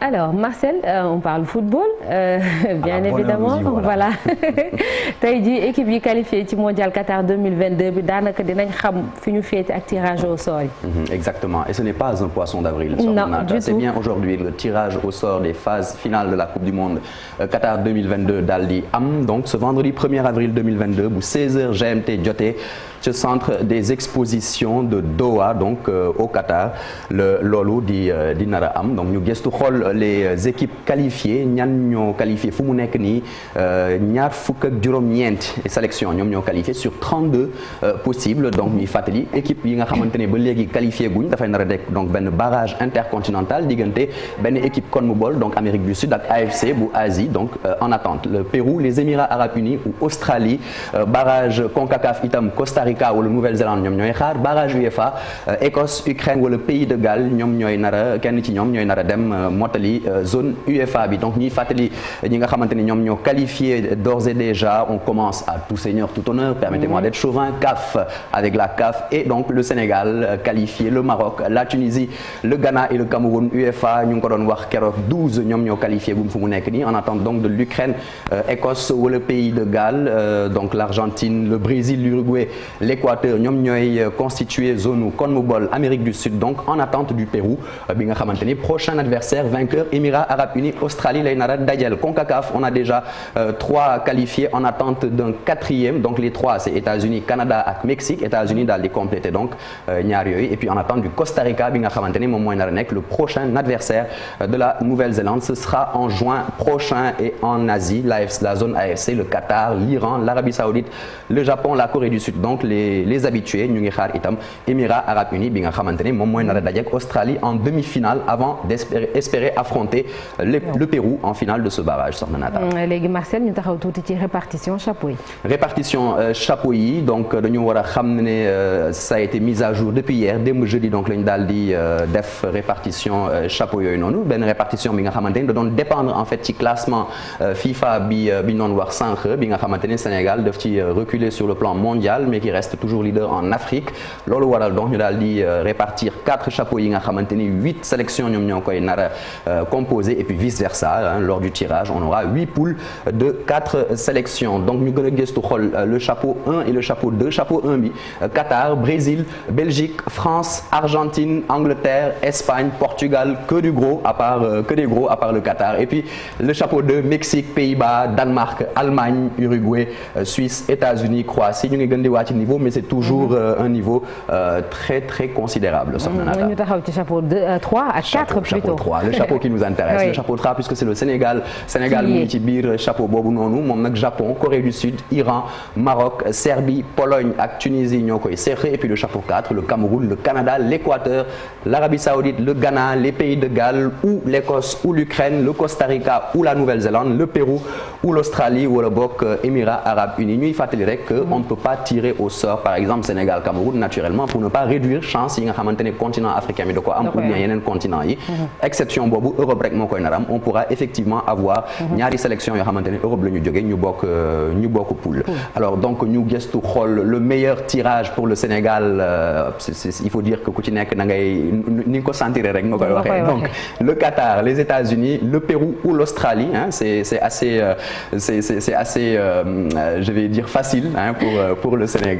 alors Marcel euh, on parle football. Euh, bien évidemment musique, voilà tey jii équipe yi qualifiée ci mondial Qatar 2022 bi daanaka dinañ xam fi ñu féete ak tirage au sort yi. Mhm, exactement et ce n'est pas un poisson au sort des phases finales de la daal euh, di am donc ce vendredi 1er avril 2022 bu 16 ci centre des expositions de Doha donc euh, au Qatar loolu di euh, di nar a am donc ñu gëstu xool les équipes qualifiées ñan ñoo qualifié fu mu nekk nii euh, ñaar fukk ak juróom-ñeent ñoom ñoo qualifié sur 32 possibles donc ñuy fàttali équipe yi nga xamante ne ba léegi qualifié guñ dafay nar a donc benn barrage intercontinental diggante benn équipe CONMEBOL donc Amérique du Sud ak AFC bu Asie donc le Pérou les Rica wala Nouvelle-Zélande ñoom ñooy xaar barrage UEFA euh, Écosse Ukraine wala Pays de Galles ñoom ñooy nar a a dem euh, euh, zone UEFA bi donc ñuy ni ñoom ñoo qualifié d'ores et déjà on commence à tout seigneur tout honneur permettez-moi mmh. d'être chauvin CAF avec la CAF et donc le Sénégal qualifié le Maroc la Tunisie le Ghana et le Cameroun UEFA ñu ngi ko doon wax keroog 12 ñoom ñoo qualifié gum fu mu nekk en attente donc de l'Ukraine Écosse wala Pays de Galles donc l'Équateur ñoom ñooy euh, constituer zone CONMEBOL Amérique du Sud donc en attente du Pérou euh, bi nga ni prochain adversaire vainqueur Émirats Arabes Unis Australie lay nar a dajal CONCACAF on a déjà euh, trois qualifiés en attente d'un quatrième donc les trois c'est États-Unis Canada ak Mexique daal di complété donc ñaar yooyu et puis Costa Rica bi nga xamante ni moom mooy nar a nekk le prochain adversaire de la Nouvelle-Zélande ce sera en juin prochain et en Asie la zone AFC le Qatar l'Iran l'Arabie Saoudite le Japon les les habitués ñu ngi xaar itam Émirats arabes unis bi nga xamante ni moom mooy nar a dajeek Australie en demi-finale avant d'espérer espérer affronter le, le Pérou en finale de ce barrage soxna Naata. Mm, léegi Marcel ñu taxaw tuuti répartition chapeau répartition euh, chapeau donc euh, dañu war a xam ne euh, ça a été mise à jour depuis hier démb daal di def répartition chapeau yooyu noonu benn répartition bi nga xamante ni da doon dépendre en fait ci classement FIFA bi bi noonu wax sànq bi nga xamante ni Sénégal daf ci reculer sur le plan mondial mais qui reste toujours leader en Afrique loolu waral donc ñu daal di euh, répartir quatre chapeaux yi nga xamante ni huit sélections ñoom ñoo koy nar a euh, composé et puis vice versa lors du tirage on aura huit poules de quatre sélections donc ñu gën a gëstu xool euh, le chapeau 1 et le chapeau 2 chapeau 1 bi Qatar Brésil Belgique France Argentine Angleterre Espagne Portugal que du gros à part que des gros à part le Qatar et puis le chapeau 2 Mexique Pays-Bas Danemark Allemagne Uruguay Suisse États-Unis Croatie ñu ngi gën di wàcc niveau niveau mais c'est toujours mhm. euh, un niveau euh, très très considérable. soxna Naata ñu taxaw ci chapeau 3 euh, à 4 plutôt. chapeau 3 le chapeau qui nous intéresse. le chapeau 3 puisque c'est le Sénégal. Sénégal mu ngi ci biir chapeau boobu noonu Japon Corée du Sud Iran Maroc Serbie Pologne ak Tunisie ñoo koy et puis le chapeau 4 le Cameroun le Canada l'Équateur l'Arabie Saoudite le Ghana les pays de Galles ou l'Écosse ou l'Ukraine le Costa Rica ou la Nouvelle-Zélande le Pérou ou l'Australie wala bokk Émirats arabes unis ñuy sort par exemple Sénégal Cameroun naturellement pour ne pas réduire chance yi nga xamante continent africain bi da ko am ou bien yeneen continent yi mhm. exception boobu Europe rek moo koy on pourra effectivement avoir mhm. ñaari sélection Europe la ñu jógee euh, alors donc ñu gëstu xool le meilleur tirage pour le Sénégal euh, donc le Qatar les États-Unis le Pérou ou l'Australie c'est assez euh, je vais dire facile pour le Sénégal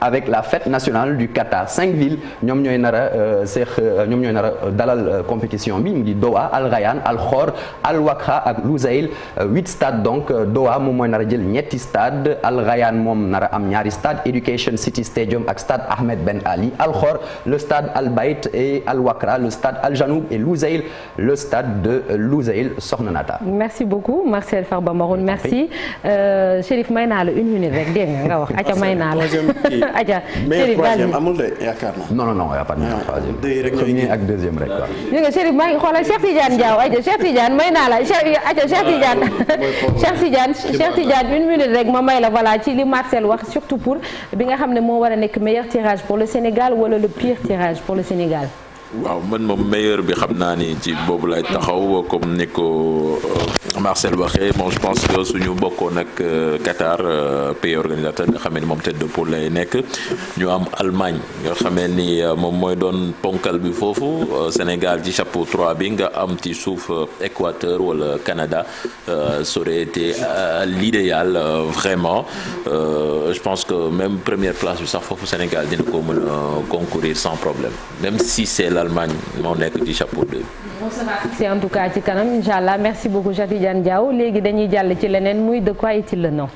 avec la ñooy nar a euh, seex euh, ñoom ñooy nar euh, bi mu di Doha Al Rayyan Al Khor Al Wakha ak Lusail huit stades donc Doha moom mooy nar a jël ñetti stade Al Rayyan moom nar am ñaari stade Education City Stadium ak stade Ahmed Ben Ali Al Khor le stade Al Bayt et Al Wakra le stade Al Janoub et Lusail le stade de Lusail Soxna merci beaucoup Marcel Farba Maroun Adja Chérif troisième amul de yaakaar naa. a pas de ah, troisième. rek premier ak deuxième rek maa ngi xoolal Cheikh Tidiane Diaw Adja Cheikh Tidiane may naa la Cheikh Adja ah, Cheikh Tidiane. Cheikh une minute rek ma may la voilà ci li Marcel wax surtout pour bi nga xam ne moo war a nekk meilleur tirage pour le Sénégal wala le pire tirage pour le Sénégal. waaw man moom meilleur bi xam naa ni ci boobu laay taxaw comme ni ko. Euh, Marcel waxee bon je pense que suñu bokkoon ak euh, Qatar euh, pays organisateur nga xamee ni moom tête de poule lay nekk ñu am Allemagne nga xamee ni euh, moom mooy doon ponkal bi foofu Sénégal ci chapeau 3 bi nga am ci suuf Équateur wala Canada ça aurait été l'idéal vraiment je pense que même première place bi sax foofu Sénégal dina ko mën a concourir sans problème même si c'est l'Allemagne moo nekk ci chapeau 2 c'est en tout cas ci kanam incha allah merci beaucoup Chati Diane Diaw léegi dañuy jàll ci leneen muy de quoi est-il le nom